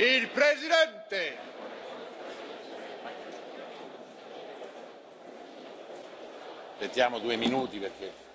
Il presidente! Aspettiamo due minuti perché.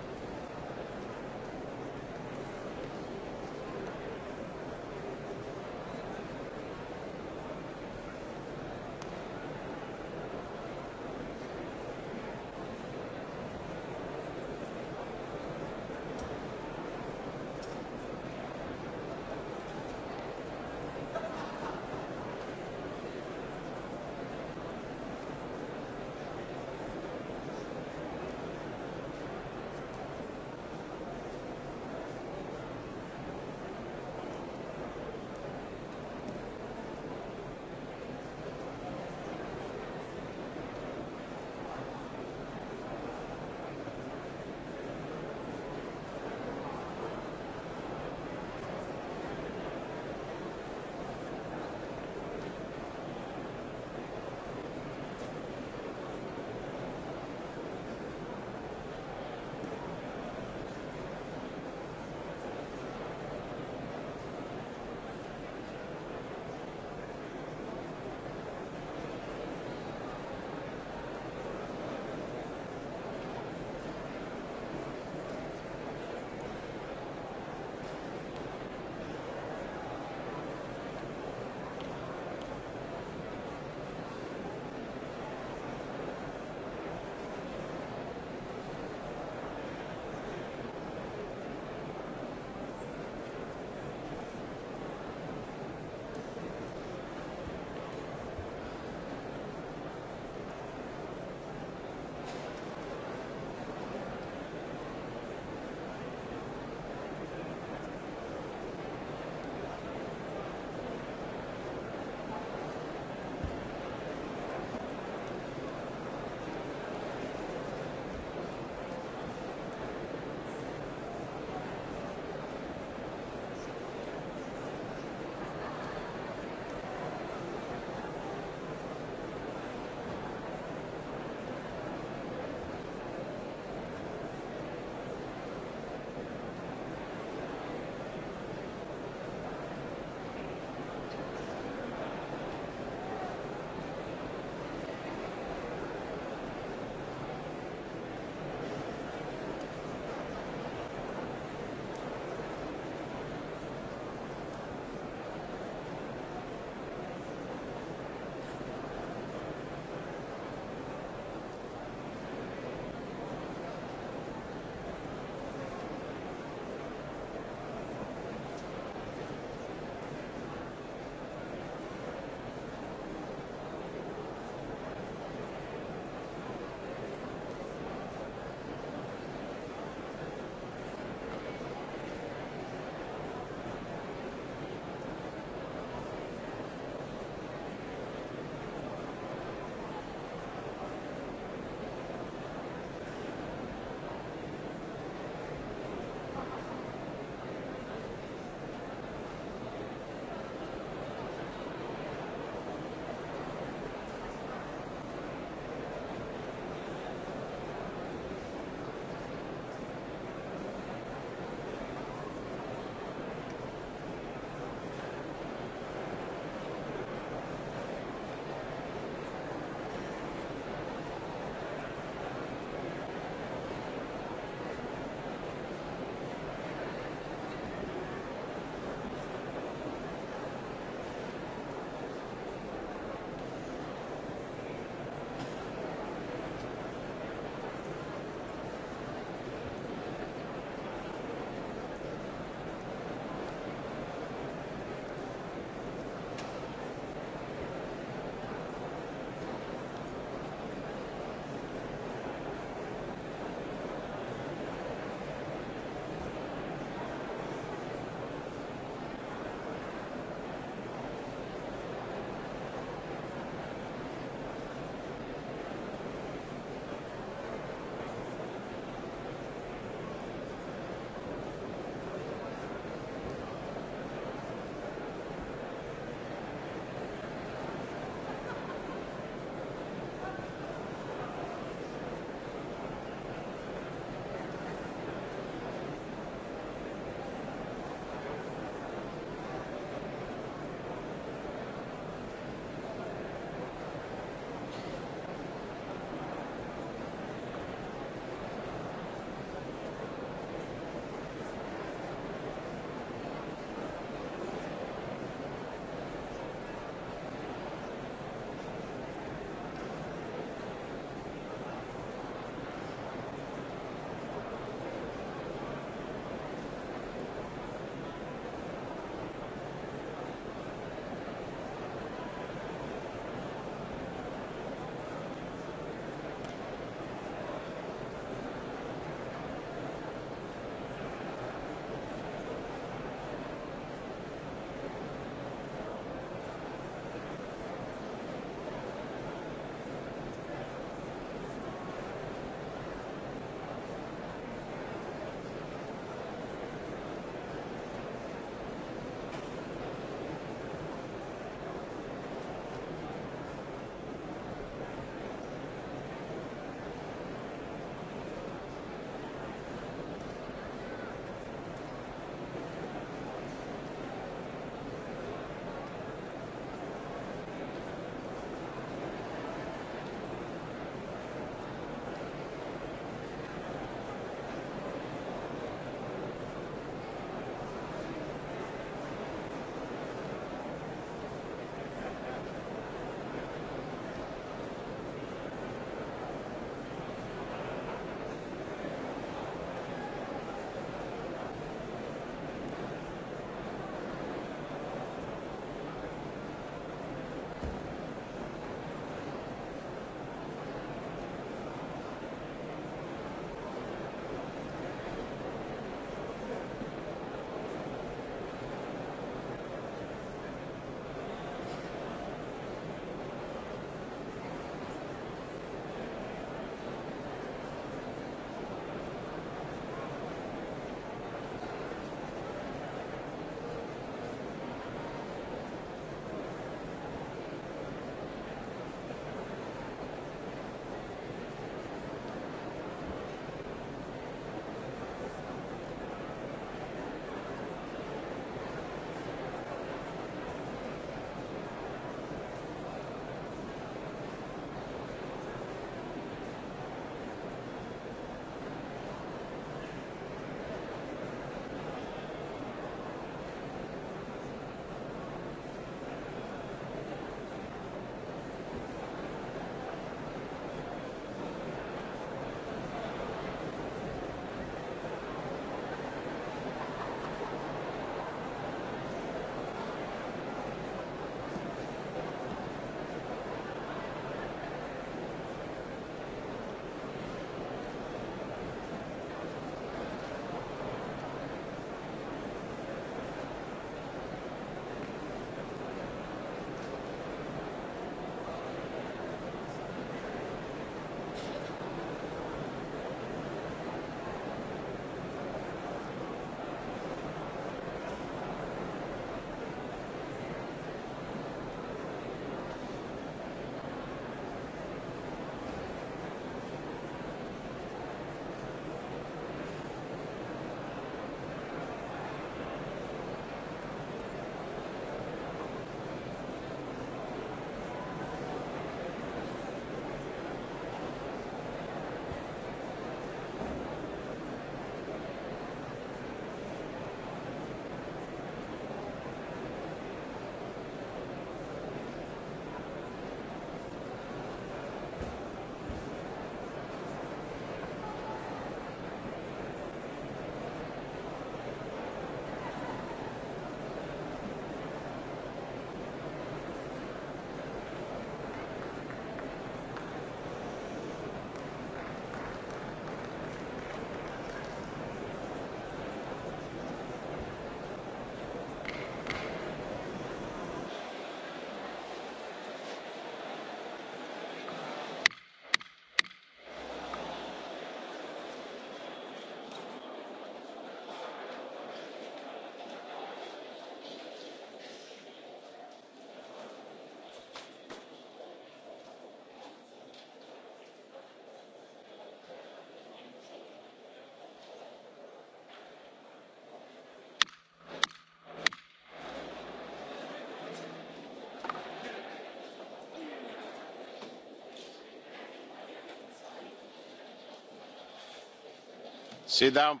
Sit down,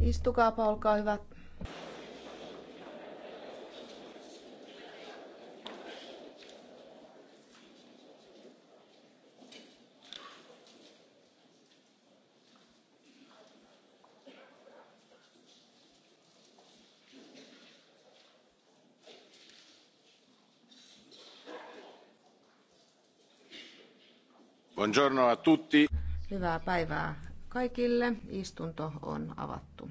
Istukaapa, olkaa hyvä. Buongiorno a tutti. Hyvää päivää kaikille. Istunto on avattu.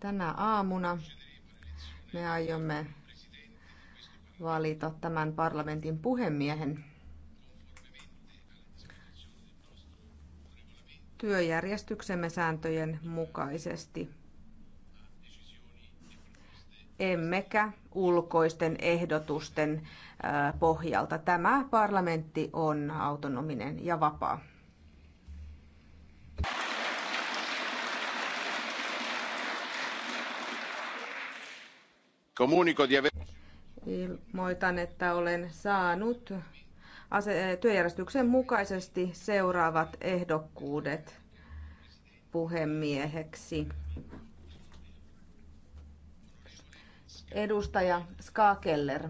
Tänä aamuna me aiomme valita tämän parlamentin puhemiehen. työjärjestyksemme sääntöjen mukaisesti. Emmekä ulkoisten ehdotusten pohjalta. Tämä parlamentti on autonominen ja vapaa. Ilmoitan, että olen saanut työjärjestyksen mukaisesti seuraavat ehdokkuudet puhemieheksi. Edustaja Skakeller.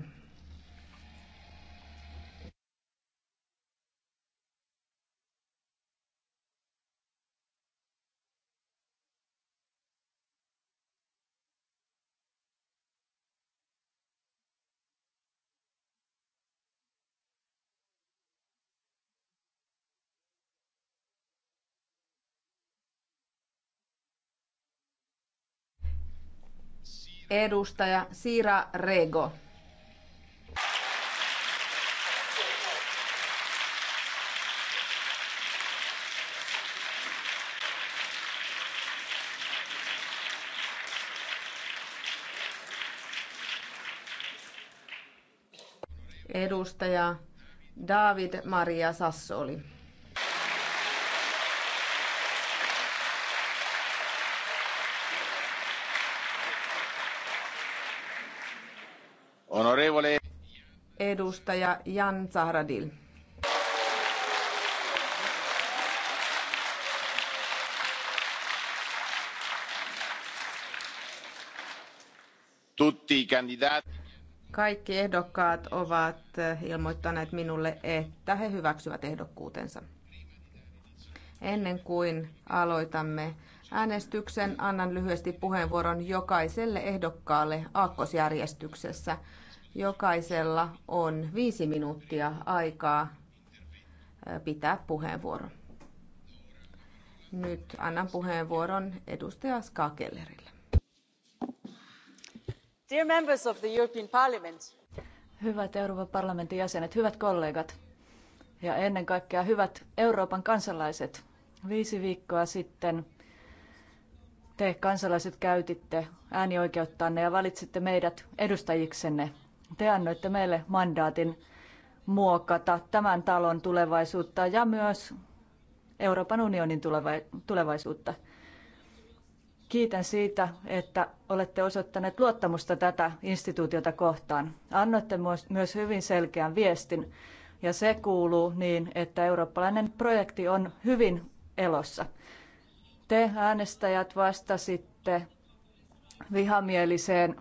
edustaja Sira Rego. Edustaja David Maria Sassoli. Honorevole. Edustaja Jan Zahradil. Kaikki ehdokkaat ovat ilmoittaneet minulle, että he hyväksyvät ehdokkuutensa. Ennen kuin aloitamme äänestyksen, annan lyhyesti puheenvuoron jokaiselle ehdokkaalle aakkosjärjestyksessä. Jokaisella on viisi minuuttia aikaa pitää puheenvuoro. Nyt annan puheenvuoron edustaja Skakellerille. Dear members of the European Parliament. Hyvät Euroopan parlamentin jäsenet, hyvät kollegat ja ennen kaikkea hyvät Euroopan kansalaiset. Viisi viikkoa sitten te kansalaiset käytitte äänioikeuttanne ja valitsitte meidät edustajiksenne te annoitte meille mandaatin muokata tämän talon tulevaisuutta ja myös Euroopan unionin tulevaisuutta. Kiitän siitä, että olette osoittaneet luottamusta tätä instituutiota kohtaan. Annoitte myös hyvin selkeän viestin, ja se kuuluu niin, että eurooppalainen projekti on hyvin elossa. Te äänestäjät vastasitte vihamieliseen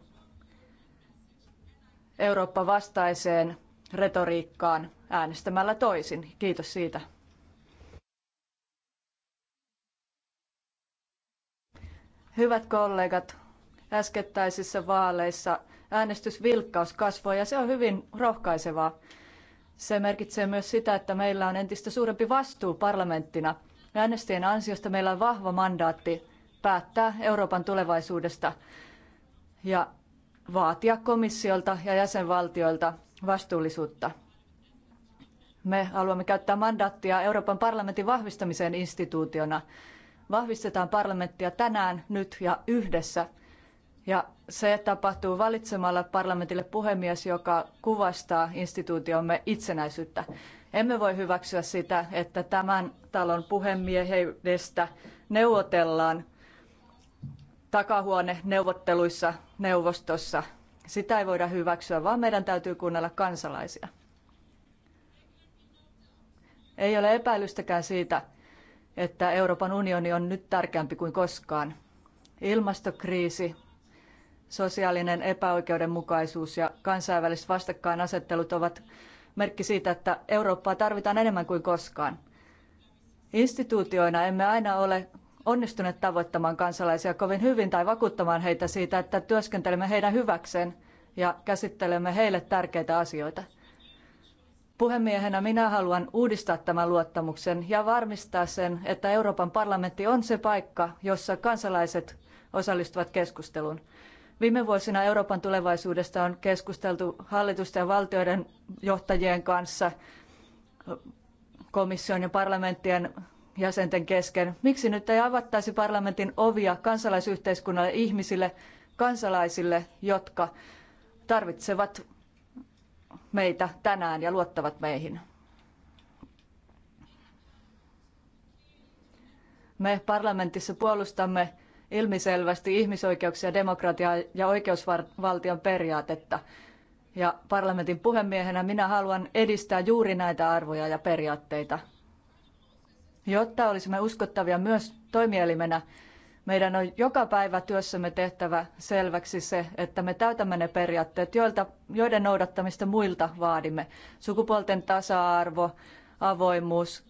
Eurooppa-vastaiseen retoriikkaan äänestämällä toisin. Kiitos siitä. Hyvät kollegat, äskettäisissä vaaleissa äänestysvilkkaus kasvoi ja se on hyvin rohkaisevaa. Se merkitsee myös sitä, että meillä on entistä suurempi vastuu parlamenttina. Äänestäjien ansiosta meillä on vahva mandaatti päättää Euroopan tulevaisuudesta. Ja vaatia komissiolta ja jäsenvaltioilta vastuullisuutta. Me haluamme käyttää mandaattia Euroopan parlamentin vahvistamiseen instituutiona. Vahvistetaan parlamenttia tänään, nyt ja yhdessä. Ja se tapahtuu valitsemalla parlamentille puhemies, joka kuvastaa instituutiomme itsenäisyyttä. Emme voi hyväksyä sitä, että tämän talon puhemiehestä neuvotellaan takahuone neuvotteluissa neuvostossa. Sitä ei voida hyväksyä, vaan meidän täytyy kuunnella kansalaisia. Ei ole epäilystäkään siitä, että Euroopan unioni on nyt tärkeämpi kuin koskaan. Ilmastokriisi, sosiaalinen epäoikeudenmukaisuus ja kansainväliset vastakkainasettelut ovat merkki siitä, että Eurooppaa tarvitaan enemmän kuin koskaan. Instituutioina emme aina ole onnistuneet tavoittamaan kansalaisia kovin hyvin tai vakuuttamaan heitä siitä, että työskentelemme heidän hyväkseen ja käsittelemme heille tärkeitä asioita. Puhemiehenä minä haluan uudistaa tämän luottamuksen ja varmistaa sen, että Euroopan parlamentti on se paikka, jossa kansalaiset osallistuvat keskusteluun. Viime vuosina Euroopan tulevaisuudesta on keskusteltu hallitusten ja valtioiden johtajien kanssa, komission ja parlamenttien jäsenten kesken. Miksi nyt ei avattaisi parlamentin ovia kansalaisyhteiskunnalle ihmisille, kansalaisille, jotka tarvitsevat meitä tänään ja luottavat meihin? Me parlamentissa puolustamme ilmiselvästi ihmisoikeuksia, demokratiaa ja oikeusvaltion periaatetta. Ja parlamentin puhemiehenä minä haluan edistää juuri näitä arvoja ja periaatteita Jotta olisimme uskottavia myös toimielimenä, meidän on joka päivä työssämme tehtävä selväksi se, että me täytämme ne periaatteet, joilta, joiden noudattamista muilta vaadimme. Sukupuolten tasa-arvo, avoimuus,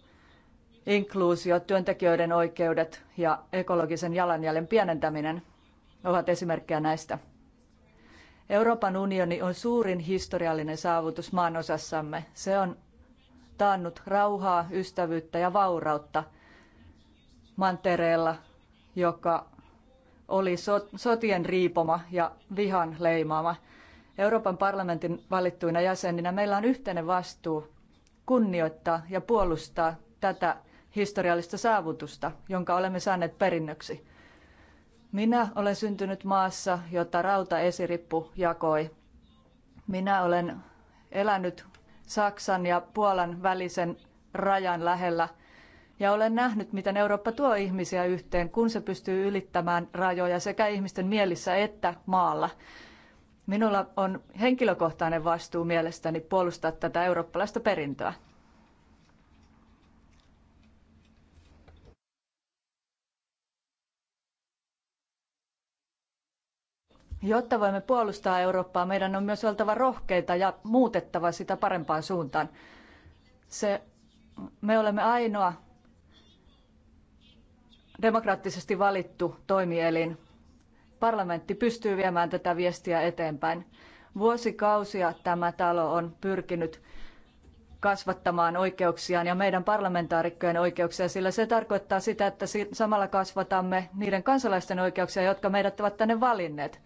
inkluusio, työntekijöiden oikeudet ja ekologisen jalanjäljen pienentäminen ovat esimerkkejä näistä. Euroopan unioni on suurin historiallinen saavutus maanosassamme. Se on taannut rauhaa, ystävyyttä ja vaurautta mantereella, joka oli sotien riipoma ja vihan leimaama. Euroopan parlamentin valittuina jäseninä meillä on yhteinen vastuu kunnioittaa ja puolustaa tätä historiallista saavutusta, jonka olemme saaneet perinnöksi. Minä olen syntynyt maassa, jota rauta esirippu jakoi. Minä olen elänyt Saksan ja Puolan välisen rajan lähellä. Ja olen nähnyt, miten Eurooppa tuo ihmisiä yhteen, kun se pystyy ylittämään rajoja sekä ihmisten mielissä että maalla. Minulla on henkilökohtainen vastuu mielestäni puolustaa tätä eurooppalaista perintöä. Jotta voimme puolustaa Eurooppaa, meidän on myös oltava rohkeita ja muutettava sitä parempaan suuntaan. Se, me olemme ainoa demokraattisesti valittu toimielin. Parlamentti pystyy viemään tätä viestiä eteenpäin. Vuosikausia tämä talo on pyrkinyt kasvattamaan oikeuksiaan ja meidän parlamentaarikkojen oikeuksia, sillä se tarkoittaa sitä, että samalla kasvatamme niiden kansalaisten oikeuksia, jotka meidät ovat tänne valinneet.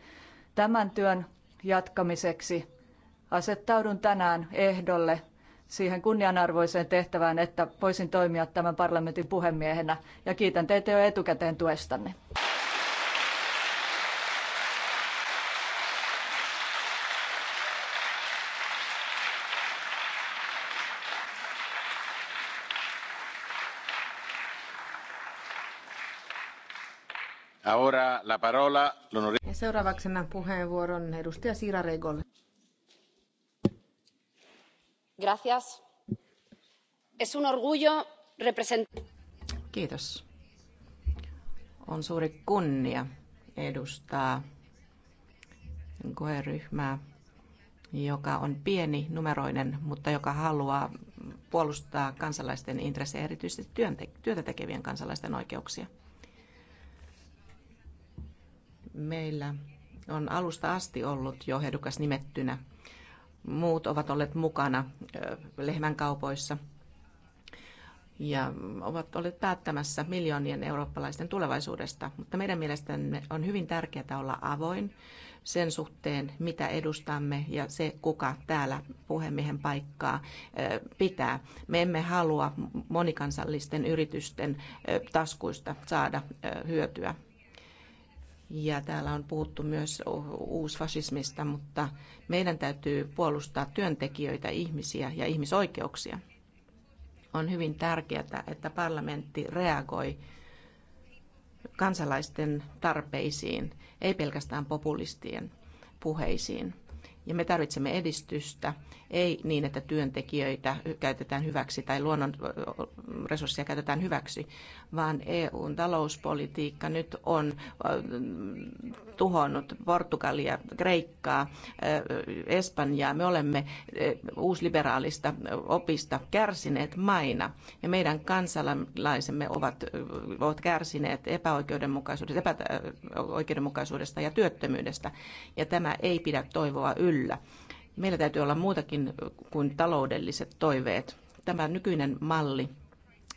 Tämän työn jatkamiseksi asettaudun tänään ehdolle siihen kunnianarvoiseen tehtävään, että voisin toimia tämän parlamentin puhemiehenä ja kiitän teitä jo etukäteen tuestanne. Ahora la parola ja seuraavaksi annan puheenvuoron edustaja Siira Regolle. Gracias. Es un orgullo Kiitos. On suuri kunnia edustaa koeryhmää, joka on pieni numeroinen, mutta joka haluaa puolustaa kansalaisten intressejä, erityisesti työtä tekevien kansalaisten oikeuksia. Meillä on alusta asti ollut jo ehdokas nimettynä. Muut ovat olleet mukana kaupoissa ja ovat olleet päättämässä miljoonien eurooppalaisten tulevaisuudesta. Mutta meidän mielestämme on hyvin tärkeää olla avoin sen suhteen, mitä edustamme ja se, kuka täällä puhemiehen paikkaa pitää. Me emme halua monikansallisten yritysten taskuista saada hyötyä ja täällä on puhuttu myös uusfasismista, mutta meidän täytyy puolustaa työntekijöitä, ihmisiä ja ihmisoikeuksia. On hyvin tärkeää, että parlamentti reagoi kansalaisten tarpeisiin, ei pelkästään populistien puheisiin. Ja me tarvitsemme edistystä ei niin, että työntekijöitä käytetään hyväksi tai luonnon resursseja käytetään hyväksi, vaan EUn talouspolitiikka nyt on tuhonnut Portugalia, Kreikkaa, Espanjaa. Me olemme uusliberaalista opista kärsineet maina ja meidän kansalaisemme ovat, ovat kärsineet epäoikeudenmukaisuudesta, epäoikeudenmukaisuudesta ja työttömyydestä ja tämä ei pidä toivoa yllä. Meillä täytyy olla muutakin kuin taloudelliset toiveet. Tämä nykyinen malli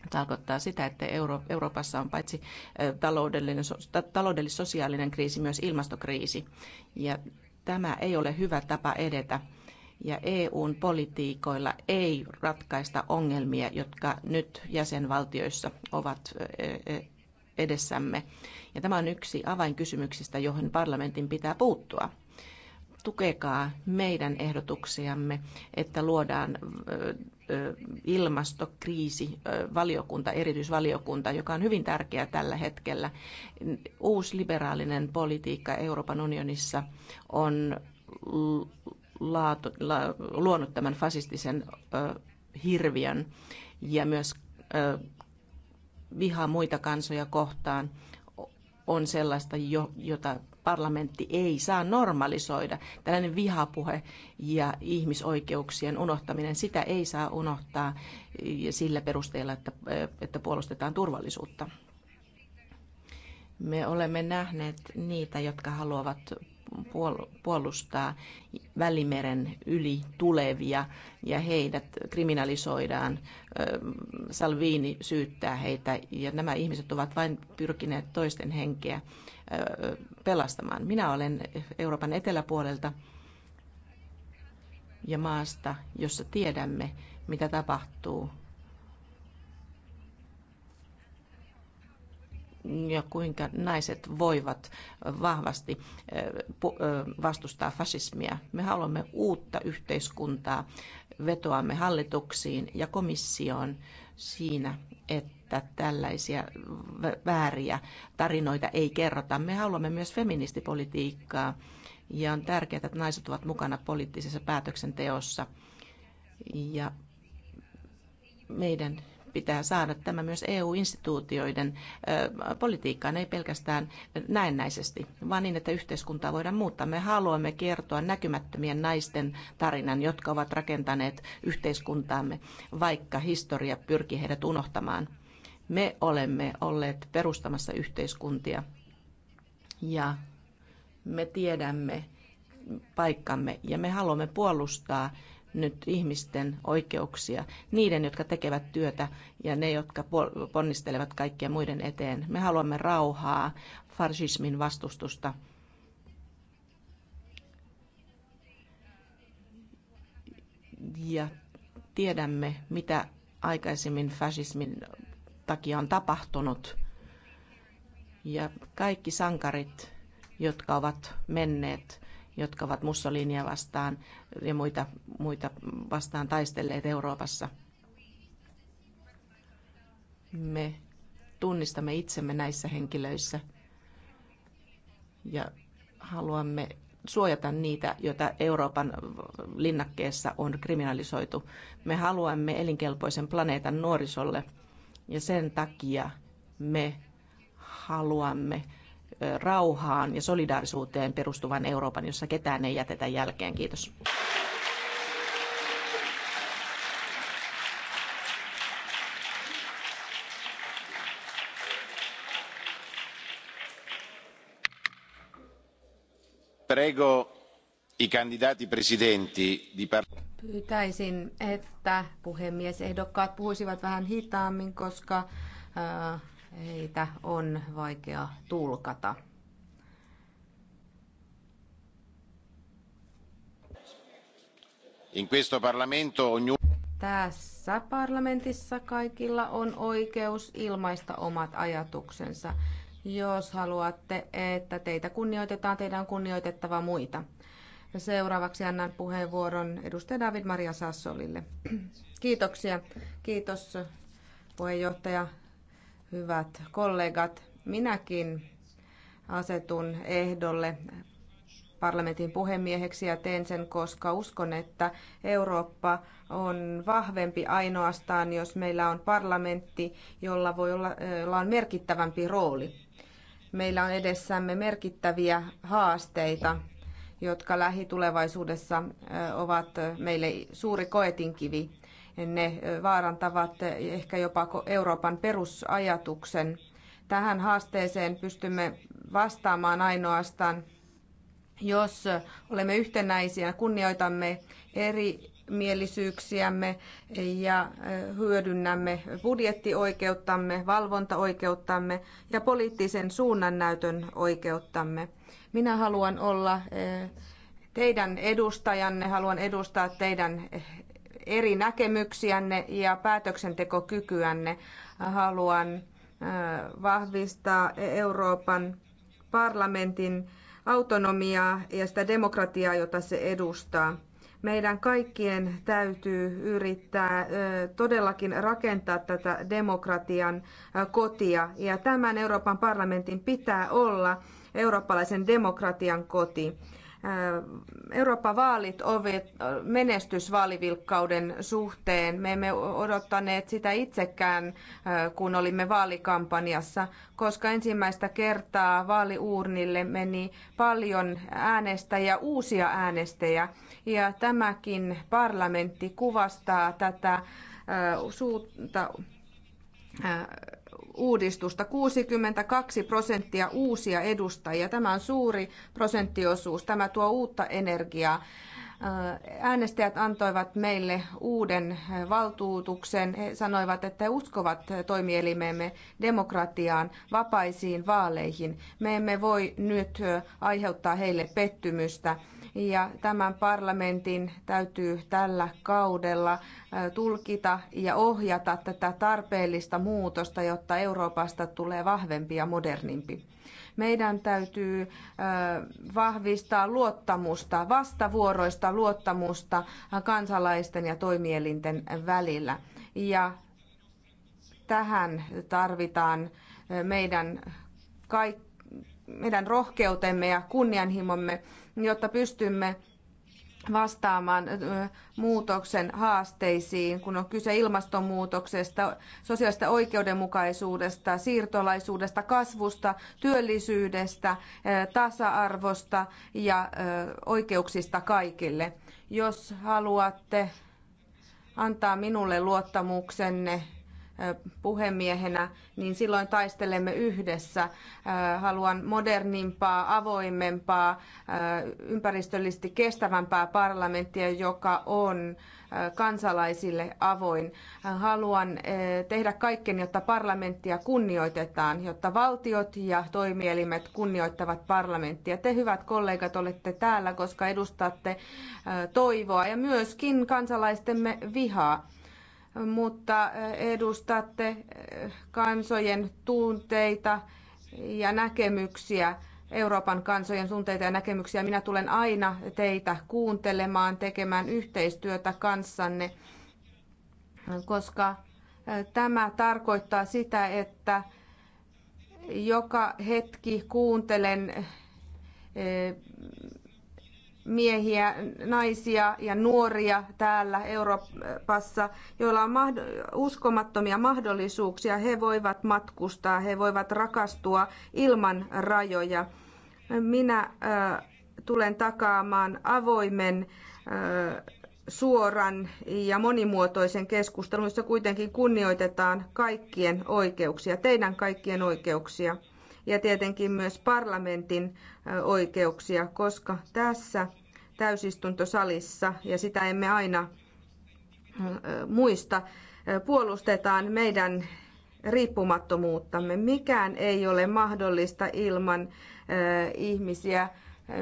tarkoittaa sitä, että Euro- Euroopassa on paitsi taloudellinen, taloudellis-sosiaalinen kriisi, myös ilmastokriisi. Ja tämä ei ole hyvä tapa edetä. Ja EUn politiikoilla ei ratkaista ongelmia, jotka nyt jäsenvaltioissa ovat e, e, edessämme. Ja tämä on yksi avainkysymyksistä, johon parlamentin pitää puuttua tukekaa meidän ehdotuksiamme, että luodaan ilmastokriisi, valiokunta, erityisvaliokunta, joka on hyvin tärkeä tällä hetkellä. Uusliberaalinen politiikka Euroopan unionissa on laatu, la, luonut tämän fasistisen ö, hirviön ja myös ö, viha muita kansoja kohtaan on sellaista, jo, jota parlamentti ei saa normalisoida. Tällainen vihapuhe ja ihmisoikeuksien unohtaminen, sitä ei saa unohtaa sillä perusteella, että, että puolustetaan turvallisuutta. Me olemme nähneet niitä, jotka haluavat puolustaa Välimeren yli tulevia ja heidät kriminalisoidaan. Salvini syyttää heitä ja nämä ihmiset ovat vain pyrkineet toisten henkeä pelastamaan. Minä olen Euroopan eteläpuolelta ja maasta, jossa tiedämme, mitä tapahtuu ja kuinka naiset voivat vahvasti eh, eh, vastustaa fasismia. Me haluamme uutta yhteiskuntaa, vetoamme hallituksiin ja komissioon siinä, että tällaisia vääriä tarinoita ei kerrota. Me haluamme myös feministipolitiikkaa ja on tärkeää, että naiset ovat mukana poliittisessa päätöksenteossa ja meidän pitää saada tämä myös EU-instituutioiden politiikkaan, ei pelkästään näennäisesti, vaan niin, että yhteiskuntaa voidaan muuttaa. Me haluamme kertoa näkymättömien naisten tarinan, jotka ovat rakentaneet yhteiskuntaamme, vaikka historia pyrkii heidät unohtamaan. Me olemme olleet perustamassa yhteiskuntia ja me tiedämme paikkamme ja me haluamme puolustaa nyt ihmisten oikeuksia, niiden, jotka tekevät työtä ja ne, jotka ponnistelevat kaikkien muiden eteen. Me haluamme rauhaa, farsismin vastustusta. Ja tiedämme, mitä aikaisemmin fasismin takia on tapahtunut. Ja kaikki sankarit, jotka ovat menneet jotka ovat Mussolinia vastaan ja muita, muita vastaan taistelleet Euroopassa. Me tunnistamme itsemme näissä henkilöissä ja haluamme suojata niitä, joita Euroopan linnakkeessa on kriminalisoitu. Me haluamme elinkelpoisen planeetan nuorisolle ja sen takia me haluamme rauhaan ja solidaarisuuteen perustuvan Euroopan, jossa ketään ei jätetä jälkeen. Kiitos. Prego i candidati presidenti di Pyytäisin, että puhemiesehdokkaat puhuisivat vähän hitaammin, koska äh, heitä on vaikea tulkata. In questo parlamento ognuno tässä parlamentissa kaikilla on oikeus ilmaista omat ajatuksensa. Jos haluatte, että teitä kunnioitetaan, teidän on kunnioitettava muita. Seuraavaksi annan puheenvuoron edustaja David Maria Sassolille. Kiitoksia. Kiitos puheenjohtaja hyvät kollegat. Minäkin asetun ehdolle parlamentin puhemieheksi ja teen sen, koska uskon, että Eurooppa on vahvempi ainoastaan, jos meillä on parlamentti, jolla voi olla jolla on merkittävämpi rooli. Meillä on edessämme merkittäviä haasteita, jotka lähitulevaisuudessa ovat meille suuri koetinkivi ne vaarantavat ehkä jopa Euroopan perusajatuksen. Tähän haasteeseen pystymme vastaamaan ainoastaan, jos olemme yhtenäisiä, kunnioitamme eri mielisyyksiämme ja hyödynnämme budjettioikeuttamme, valvontaoikeuttamme ja poliittisen suunnannäytön oikeuttamme. Minä haluan olla teidän edustajanne, haluan edustaa teidän eri näkemyksiänne ja päätöksentekokykyänne. Haluan vahvistaa Euroopan parlamentin autonomiaa ja sitä demokratiaa, jota se edustaa. Meidän kaikkien täytyy yrittää todellakin rakentaa tätä demokratian kotia. Ja tämän Euroopan parlamentin pitää olla eurooppalaisen demokratian koti. Euroopan vaalit ovat menestysvaalivilkkauden suhteen. Me emme odottaneet sitä itsekään, kun olimme vaalikampanjassa, koska ensimmäistä kertaa vaaliuurnille meni paljon äänestäjiä, uusia äänestäjiä. Ja tämäkin parlamentti kuvastaa tätä suunta uudistusta. 62 prosenttia uusia edustajia. Tämä on suuri prosenttiosuus. Tämä tuo uutta energiaa. Äh, äänestäjät antoivat meille uuden valtuutuksen. He sanoivat, että he uskovat toimielimeemme demokratiaan, vapaisiin vaaleihin. Me emme voi nyt äh, aiheuttaa heille pettymystä ja tämän parlamentin täytyy tällä kaudella tulkita ja ohjata tätä tarpeellista muutosta, jotta Euroopasta tulee vahvempi ja modernimpi. Meidän täytyy vahvistaa luottamusta, vastavuoroista luottamusta kansalaisten ja toimielinten välillä. Ja tähän tarvitaan meidän, kaik- meidän rohkeutemme ja kunnianhimomme jotta pystymme vastaamaan muutoksen haasteisiin, kun on kyse ilmastonmuutoksesta, sosiaalista oikeudenmukaisuudesta, siirtolaisuudesta, kasvusta, työllisyydestä, tasa-arvosta ja oikeuksista kaikille. Jos haluatte antaa minulle luottamuksenne puhemiehenä, niin silloin taistelemme yhdessä. Haluan modernimpaa, avoimempaa, ympäristöllisesti kestävämpää parlamenttia, joka on kansalaisille avoin. Haluan tehdä kaiken, jotta parlamenttia kunnioitetaan, jotta valtiot ja toimielimet kunnioittavat parlamenttia. Te hyvät kollegat olette täällä, koska edustatte toivoa ja myöskin kansalaistemme vihaa mutta eh, edustatte eh, kansojen tunteita ja näkemyksiä. Euroopan kansojen tunteita ja näkemyksiä. Minä tulen aina teitä kuuntelemaan, tekemään yhteistyötä kanssanne, koska eh, tämä tarkoittaa sitä, että joka hetki kuuntelen miehiä, naisia ja nuoria täällä Euroopassa, joilla on uskomattomia mahdollisuuksia. He voivat matkustaa, he voivat rakastua ilman rajoja. Minä tulen takaamaan avoimen, suoran ja monimuotoisen keskustelun, jossa kuitenkin kunnioitetaan kaikkien oikeuksia, teidän kaikkien oikeuksia ja tietenkin myös parlamentin oikeuksia, koska tässä täysistuntosalissa, ja sitä emme aina muista, puolustetaan meidän riippumattomuuttamme. Mikään ei ole mahdollista ilman ihmisiä,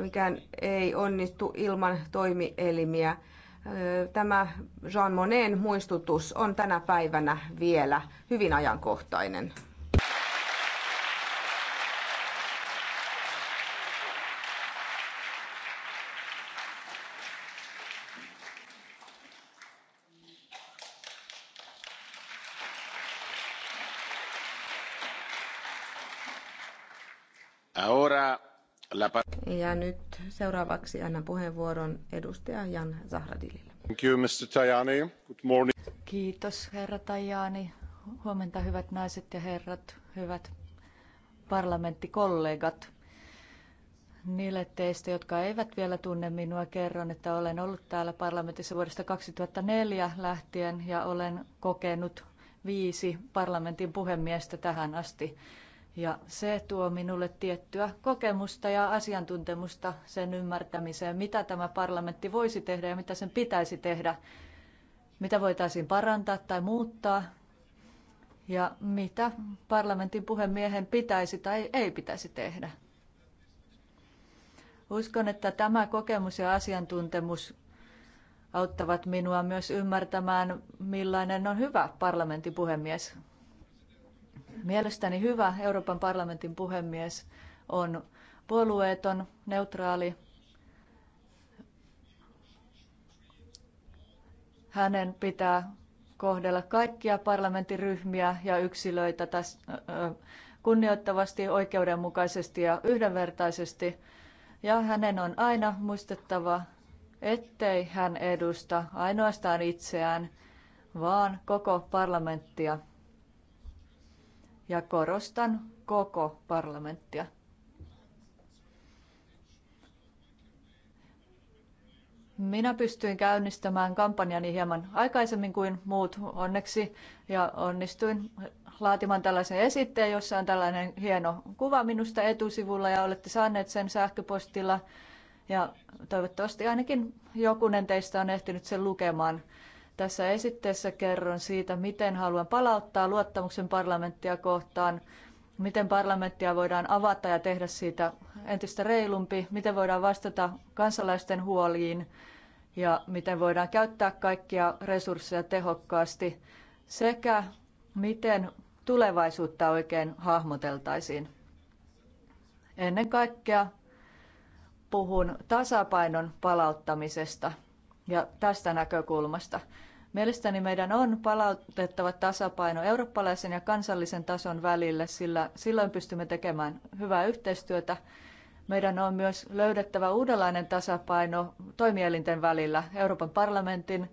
mikään ei onnistu ilman toimielimiä. Tämä Jean Monnetin muistutus on tänä päivänä vielä hyvin ajankohtainen. Ja nyt seuraavaksi annan puheenvuoron edustaja Jan Zahradilille. Thank you, Mr. Tajani. Good morning. Kiitos, herra Tajani. Huomenta, hyvät naiset ja herrat, hyvät parlamenttikollegat. Niille teistä, jotka eivät vielä tunne minua, kerron, että olen ollut täällä parlamentissa vuodesta 2004 lähtien ja olen kokenut viisi parlamentin puhemiestä tähän asti. Ja se tuo minulle tiettyä kokemusta ja asiantuntemusta sen ymmärtämiseen, mitä tämä parlamentti voisi tehdä ja mitä sen pitäisi tehdä, mitä voitaisiin parantaa tai muuttaa ja mitä parlamentin puhemiehen pitäisi tai ei pitäisi tehdä. Uskon, että tämä kokemus ja asiantuntemus auttavat minua myös ymmärtämään, millainen on hyvä parlamentin puhemies Mielestäni hyvä Euroopan parlamentin puhemies on puolueeton, neutraali. Hänen pitää kohdella kaikkia parlamenttiryhmiä ja yksilöitä tässä kunnioittavasti, oikeudenmukaisesti ja yhdenvertaisesti. Ja hänen on aina muistettava, ettei hän edusta ainoastaan itseään, vaan koko parlamenttia ja korostan koko parlamenttia. Minä pystyin käynnistämään kampanjani hieman aikaisemmin kuin muut onneksi ja onnistuin laatimaan tällaisen esitteen, jossa on tällainen hieno kuva minusta etusivulla ja olette saaneet sen sähköpostilla ja toivottavasti ainakin jokunen teistä on ehtinyt sen lukemaan. Tässä esitteessä kerron siitä, miten haluan palauttaa luottamuksen parlamenttia kohtaan, miten parlamenttia voidaan avata ja tehdä siitä entistä reilumpi, miten voidaan vastata kansalaisten huoliin ja miten voidaan käyttää kaikkia resursseja tehokkaasti sekä miten tulevaisuutta oikein hahmoteltaisiin. Ennen kaikkea puhun tasapainon palauttamisesta – ja tästä näkökulmasta Mielestäni meidän on palautettava tasapaino eurooppalaisen ja kansallisen tason välille, sillä silloin pystymme tekemään hyvää yhteistyötä. Meidän on myös löydettävä uudenlainen tasapaino toimielinten välillä, Euroopan parlamentin,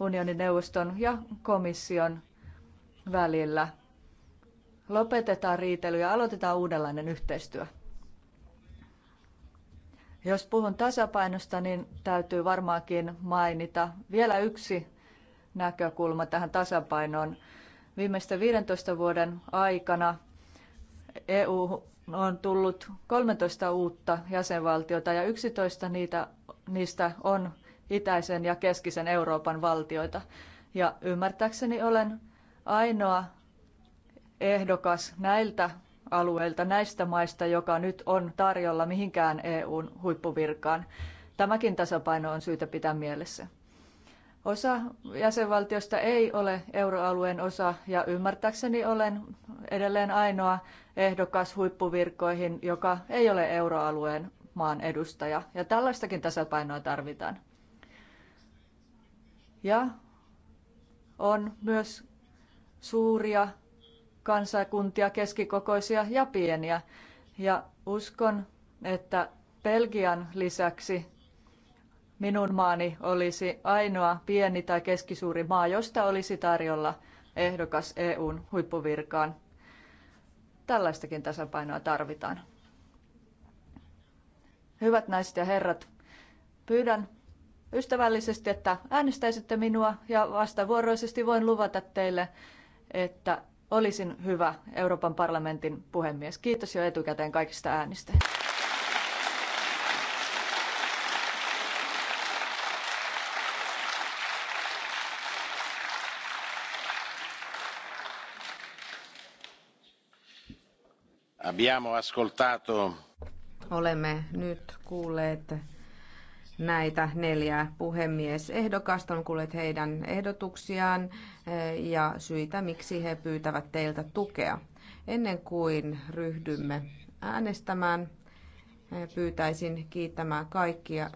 unionin neuvoston ja komission välillä. Lopetetaan riitely ja aloitetaan uudenlainen yhteistyö. Jos puhun tasapainosta, niin täytyy varmaankin mainita vielä yksi näkökulma tähän tasapainoon. Viimeisten 15 vuoden aikana EU on tullut 13 uutta jäsenvaltiota ja 11 niitä, niistä on itäisen ja keskisen Euroopan valtioita. Ja ymmärtääkseni olen ainoa ehdokas näiltä alueilta näistä maista, joka nyt on tarjolla mihinkään EUn huippuvirkaan. Tämäkin tasapaino on syytä pitää mielessä. Osa jäsenvaltiosta ei ole euroalueen osa ja ymmärtääkseni olen edelleen ainoa ehdokas huippuvirkoihin, joka ei ole euroalueen maan edustaja. Ja tällaistakin tasapainoa tarvitaan. Ja on myös suuria kansakuntia, keskikokoisia ja pieniä. Ja uskon, että Belgian lisäksi minun maani olisi ainoa pieni tai keskisuuri maa, josta olisi tarjolla ehdokas EUn huippuvirkaan. Tällaistakin tasapainoa tarvitaan. Hyvät naiset ja herrat, pyydän ystävällisesti, että äänestäisitte minua ja vastavuoroisesti voin luvata teille, että olisin hyvä Euroopan parlamentin puhemies. Kiitos jo etukäteen kaikista äänistä. Olemme nyt kuulleet näitä neljää puhemiesehdokasta, on kuullut heidän ehdotuksiaan eh, ja syitä, miksi he pyytävät teiltä tukea. Ennen kuin ryhdymme äänestämään, eh, pyytäisin kiittämään kaikkia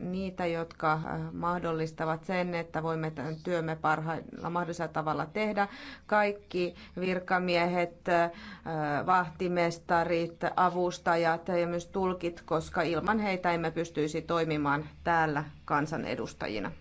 niitä, jotka äh, mahdollistavat sen, että voimme tämän työmme parhailla mahdollisella tavalla tehdä. Kaikki virkamiehet, äh, vahtimestarit, avustajat ja myös tulkit, koska ilman heitä emme pystyisi toimimaan täällä kansanedustajina.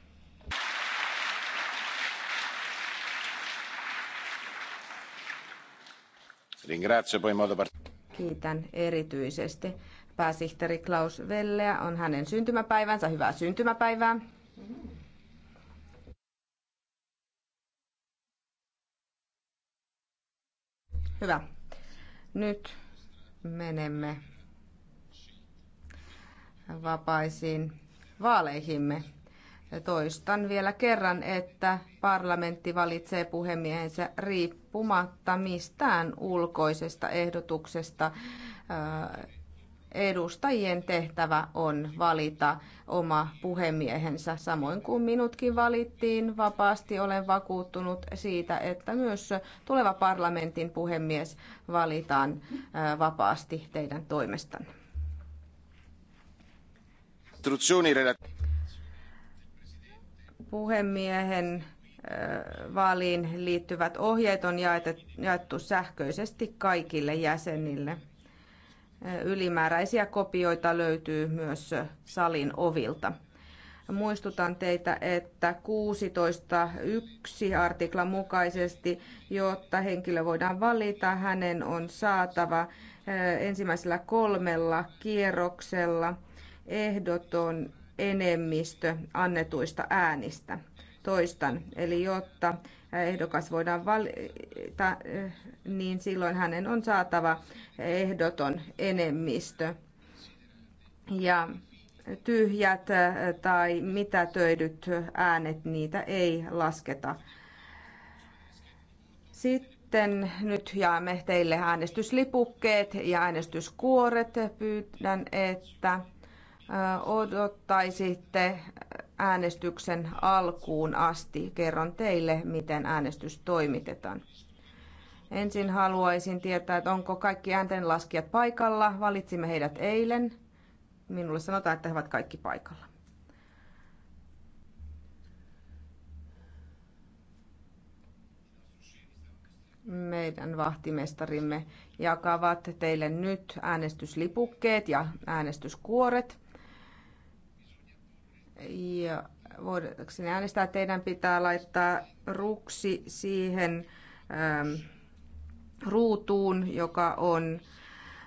Kiitän erityisesti pääsihteeri Klaus Velleä on hänen syntymäpäivänsä. Hyvää syntymäpäivää! Hyvä. Nyt menemme vapaisiin vaaleihimme. Toistan vielä kerran, että parlamentti valitsee puhemiehensä riippumatta mistään ulkoisesta ehdotuksesta edustajien tehtävä on valita oma puhemiehensä, samoin kuin minutkin valittiin vapaasti. Olen vakuuttunut siitä, että myös tuleva parlamentin puhemies valitaan vapaasti teidän toimestanne. Puhemiehen vaaliin liittyvät ohjeet on jaettu sähköisesti kaikille jäsenille. Ylimääräisiä kopioita löytyy myös salin ovilta. Muistutan teitä, että 16.1 artiklan mukaisesti, jotta henkilö voidaan valita, hänen on saatava eh, ensimmäisellä kolmella kierroksella ehdoton enemmistö annetuista äänistä. Toistan, eli jotta ehdokas voidaan valita, niin silloin hänen on saatava ehdoton enemmistö. Ja tyhjät tai mitätöidyt äänet, niitä ei lasketa. Sitten nyt jaamme teille äänestyslipukkeet ja äänestyskuoret. Pyydän, että odottaisitte äänestyksen alkuun asti. Kerron teille, miten äänestys toimitetaan. Ensin haluaisin tietää, että onko kaikki ääntenlaskijat paikalla. Valitsimme heidät eilen. Minulle sanotaan, että he ovat kaikki paikalla. meidän vahtimestarimme jakavat teille nyt äänestyslipukkeet ja äänestyskuoret ja voidaanko äänestää, teidän pitää laittaa ruksi siihen ähm, ruutuun, joka on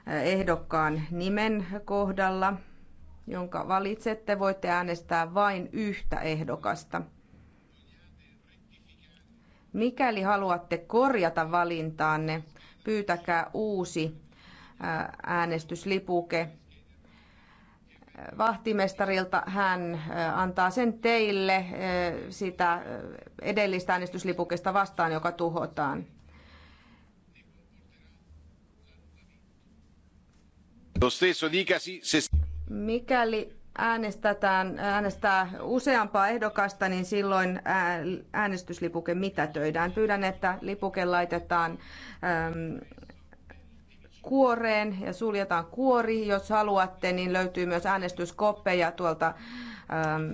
äh, ehdokkaan nimen kohdalla, jonka valitsette. Voitte äänestää vain yhtä ehdokasta. Mikäli haluatte korjata valintaanne, pyytäkää uusi äh, äänestyslipuke vahtimestarilta. Hän antaa sen teille sitä edellistä äänestyslipukesta vastaan, joka tuhotaan. Mikäli äänestetään, äänestää useampaa ehdokasta, niin silloin äänestyslipuke mitätöidään. Pyydän, että lipuke laitetaan kuoreen ja suljetaan kuori. Jos haluatte, niin löytyy myös äänestyskoppeja tuolta ähm,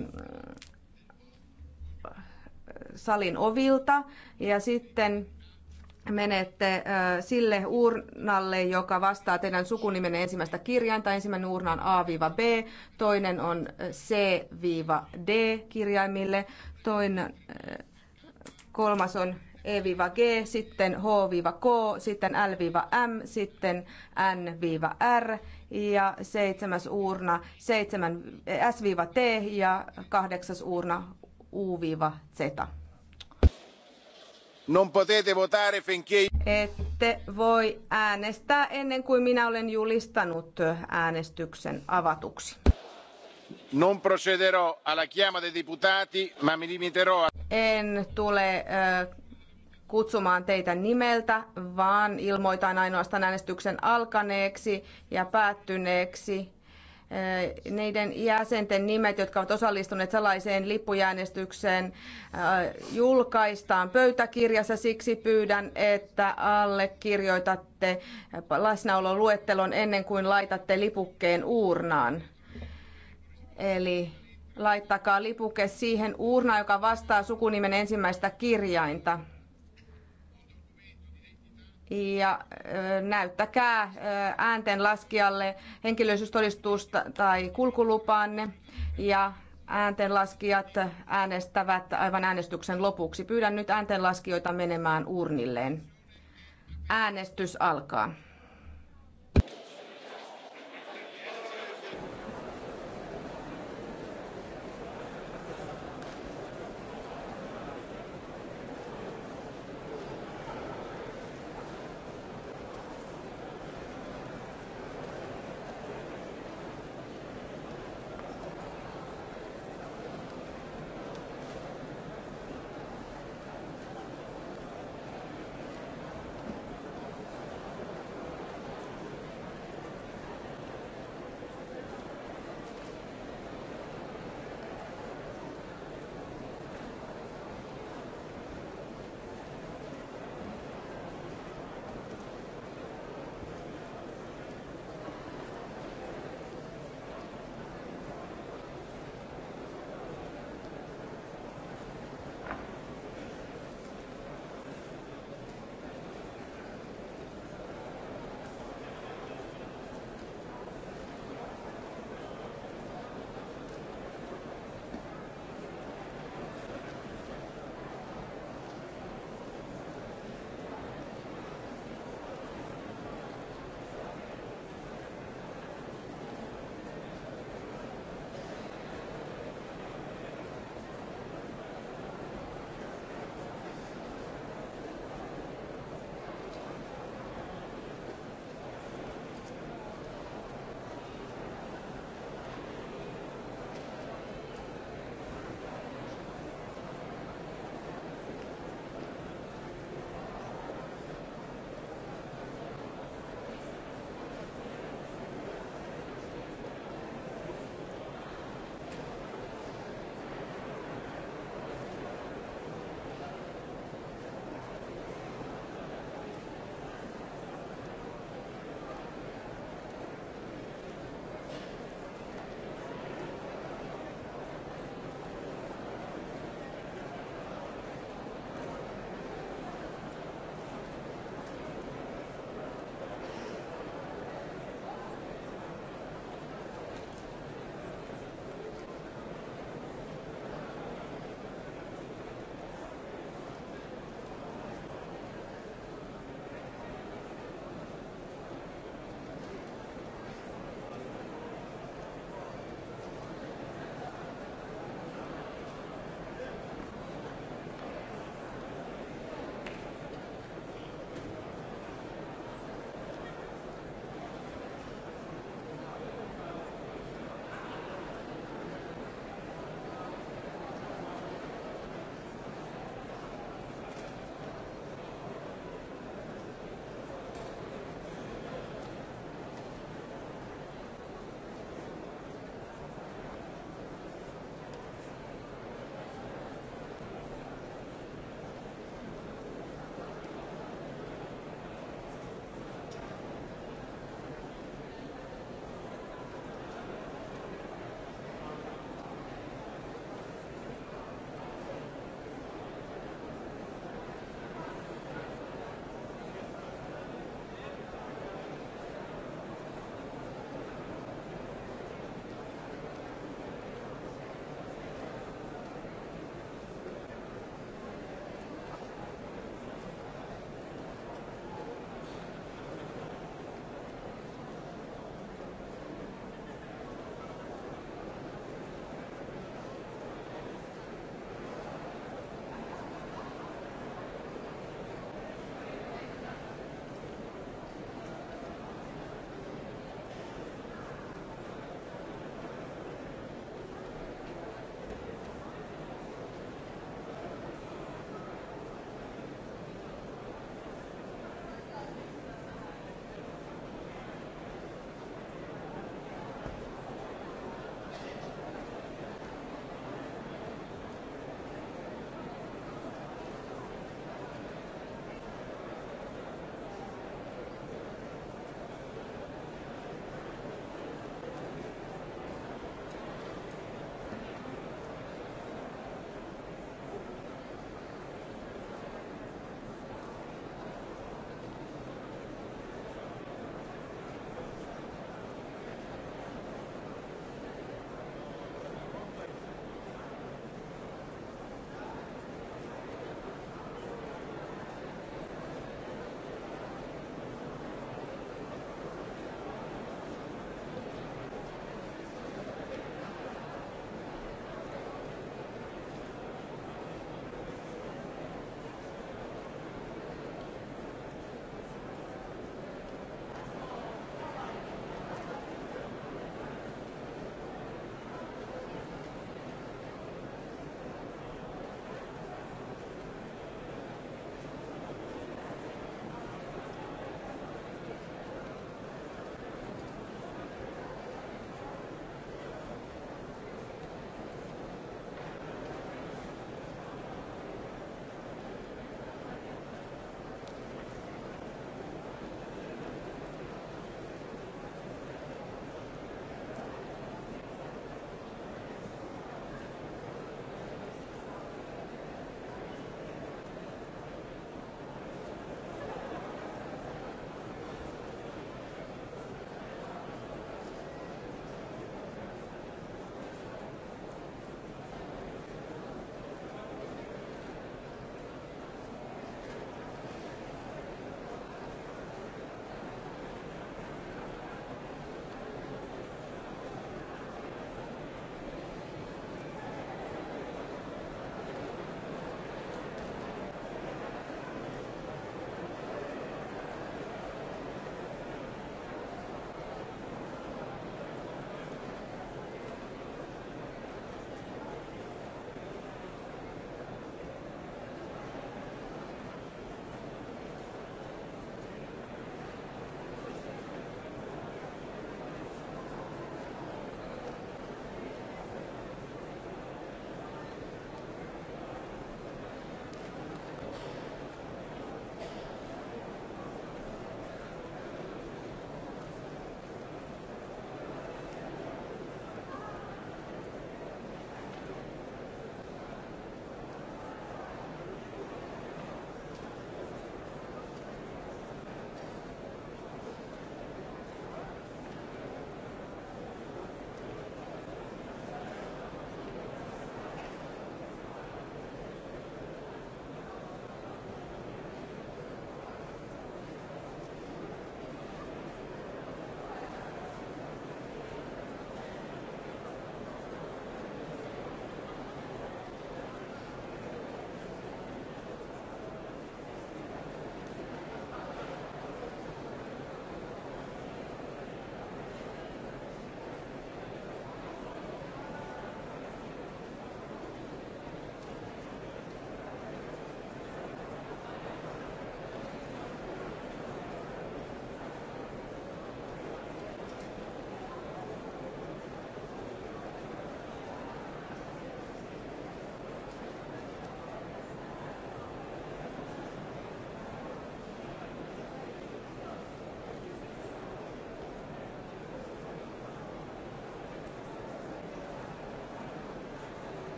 salin ovilta. Ja sitten menette äh, sille urnalle, joka vastaa teidän sukunimenne ensimmäistä kirjainta. Ensimmäinen urna on A-B, toinen on C-D kirjaimille, toinen, äh, kolmas on E-G, sitten H-K, sitten L-M, sitten N-R ja seitsemäs uurna 7, S-T ja kahdeksas uurna U-Z. Non potete votare finché... Ette voi äänestää ennen kuin minä olen julistanut äänestyksen avatuksi. Non procederò alla chiama dei deputati, ma mi limiterò a... En tule äh, kutsumaan teitä nimeltä, vaan ilmoitan ainoastaan äänestyksen alkaneeksi ja päättyneeksi. Neiden jäsenten nimet, jotka ovat osallistuneet salaiseen lippujäänestykseen, julkaistaan pöytäkirjassa. Siksi pyydän, että allekirjoitatte läsnäololuettelon ennen kuin laitatte lipukkeen uurnaan. Eli laittakaa lipuke siihen uurnaan, joka vastaa sukunimen ensimmäistä kirjainta ja näyttäkää äänten laskijalle henkilöllisyystodistusta tai kulkulupaanne ja ääntenlaskijat äänestävät aivan äänestyksen lopuksi. Pyydän nyt ääntenlaskijoita menemään urnilleen. Äänestys alkaa.